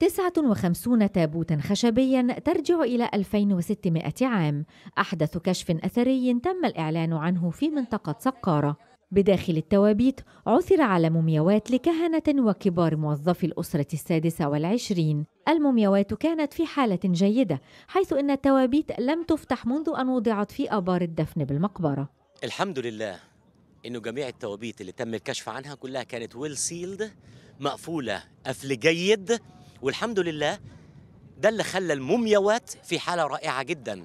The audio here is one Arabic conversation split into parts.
59 تابوتا خشبيا ترجع إلى 2600 عام أحدث كشف أثري تم الإعلان عنه في منطقة سقارة بداخل التوابيت عثر على مومياوات لكهنة وكبار موظفي الأسرة السادسة والعشرين المومياوات كانت في حالة جيدة حيث أن التوابيت لم تفتح منذ أن وضعت في آبار الدفن بالمقبرة الحمد لله انه جميع التوابيت اللي تم الكشف عنها كلها كانت ويل سيلد مقفوله قفل جيد والحمد لله ده اللي خلى المومياوات في حاله رائعه جدا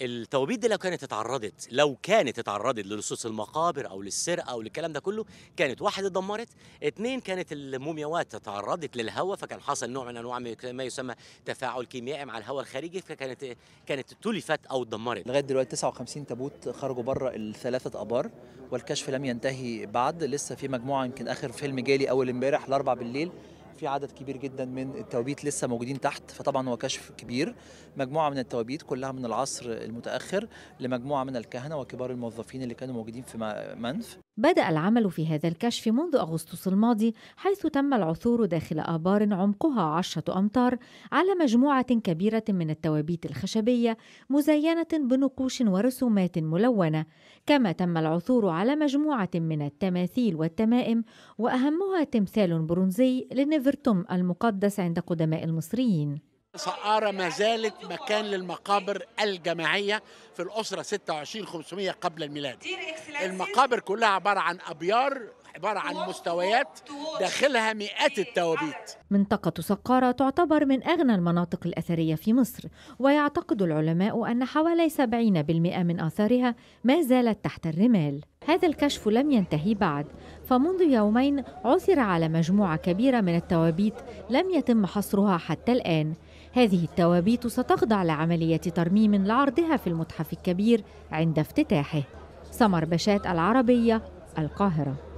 التوابيت دي لو كانت اتعرضت لو كانت اتعرضت للصوص المقابر او للسرقه او للكلام ده كله كانت واحد اتدمرت اتنين كانت المومياوات اتعرضت للهواء فكان حصل نوع من انواع ما يسمى تفاعل كيميائي مع الهواء الخارجي فكانت كانت تلفت او اتدمرت لغايه دلوقتي 59 تابوت خرجوا بره الثلاثه ابار والكشف لم ينتهي بعد لسه في مجموعه يمكن اخر فيلم جالي اول امبارح الاربع بالليل في عدد كبير جدا من التوابيت لسه موجودين تحت فطبعا هو كشف كبير مجموعه من التوابيت كلها من العصر المتاخر لمجموعه من الكهنه وكبار الموظفين اللي كانوا موجودين في منف بدأ العمل في هذا الكشف منذ أغسطس الماضي حيث تم العثور داخل آبار عمقها عشرة أمتار على مجموعة كبيرة من التوابيت الخشبية مزينة بنقوش ورسومات ملونة كما تم العثور على مجموعة من التماثيل والتمائم وأهمها تمثال برونزي لنيفرتي أفرتم المقدس عند قدماء المصريين سقارة ما زالت مكان للمقابر الجماعية في الأسرة 26500 قبل الميلاد المقابر كلها عبارة عن أبيار عبارة عن مستويات داخلها مئات التوابيت منطقة سقارة تعتبر من أغنى المناطق الأثرية في مصر ويعتقد العلماء أن حوالي 70% من آثارها ما زالت تحت الرمال هذا الكشف لم ينتهي بعد فمنذ يومين عثر على مجموعة كبيرة من التوابيت لم يتم حصرها حتى الآن هذه التوابيت ستخضع لعملية ترميم لعرضها في المتحف الكبير عند افتتاحه سمر بشات العربية القاهرة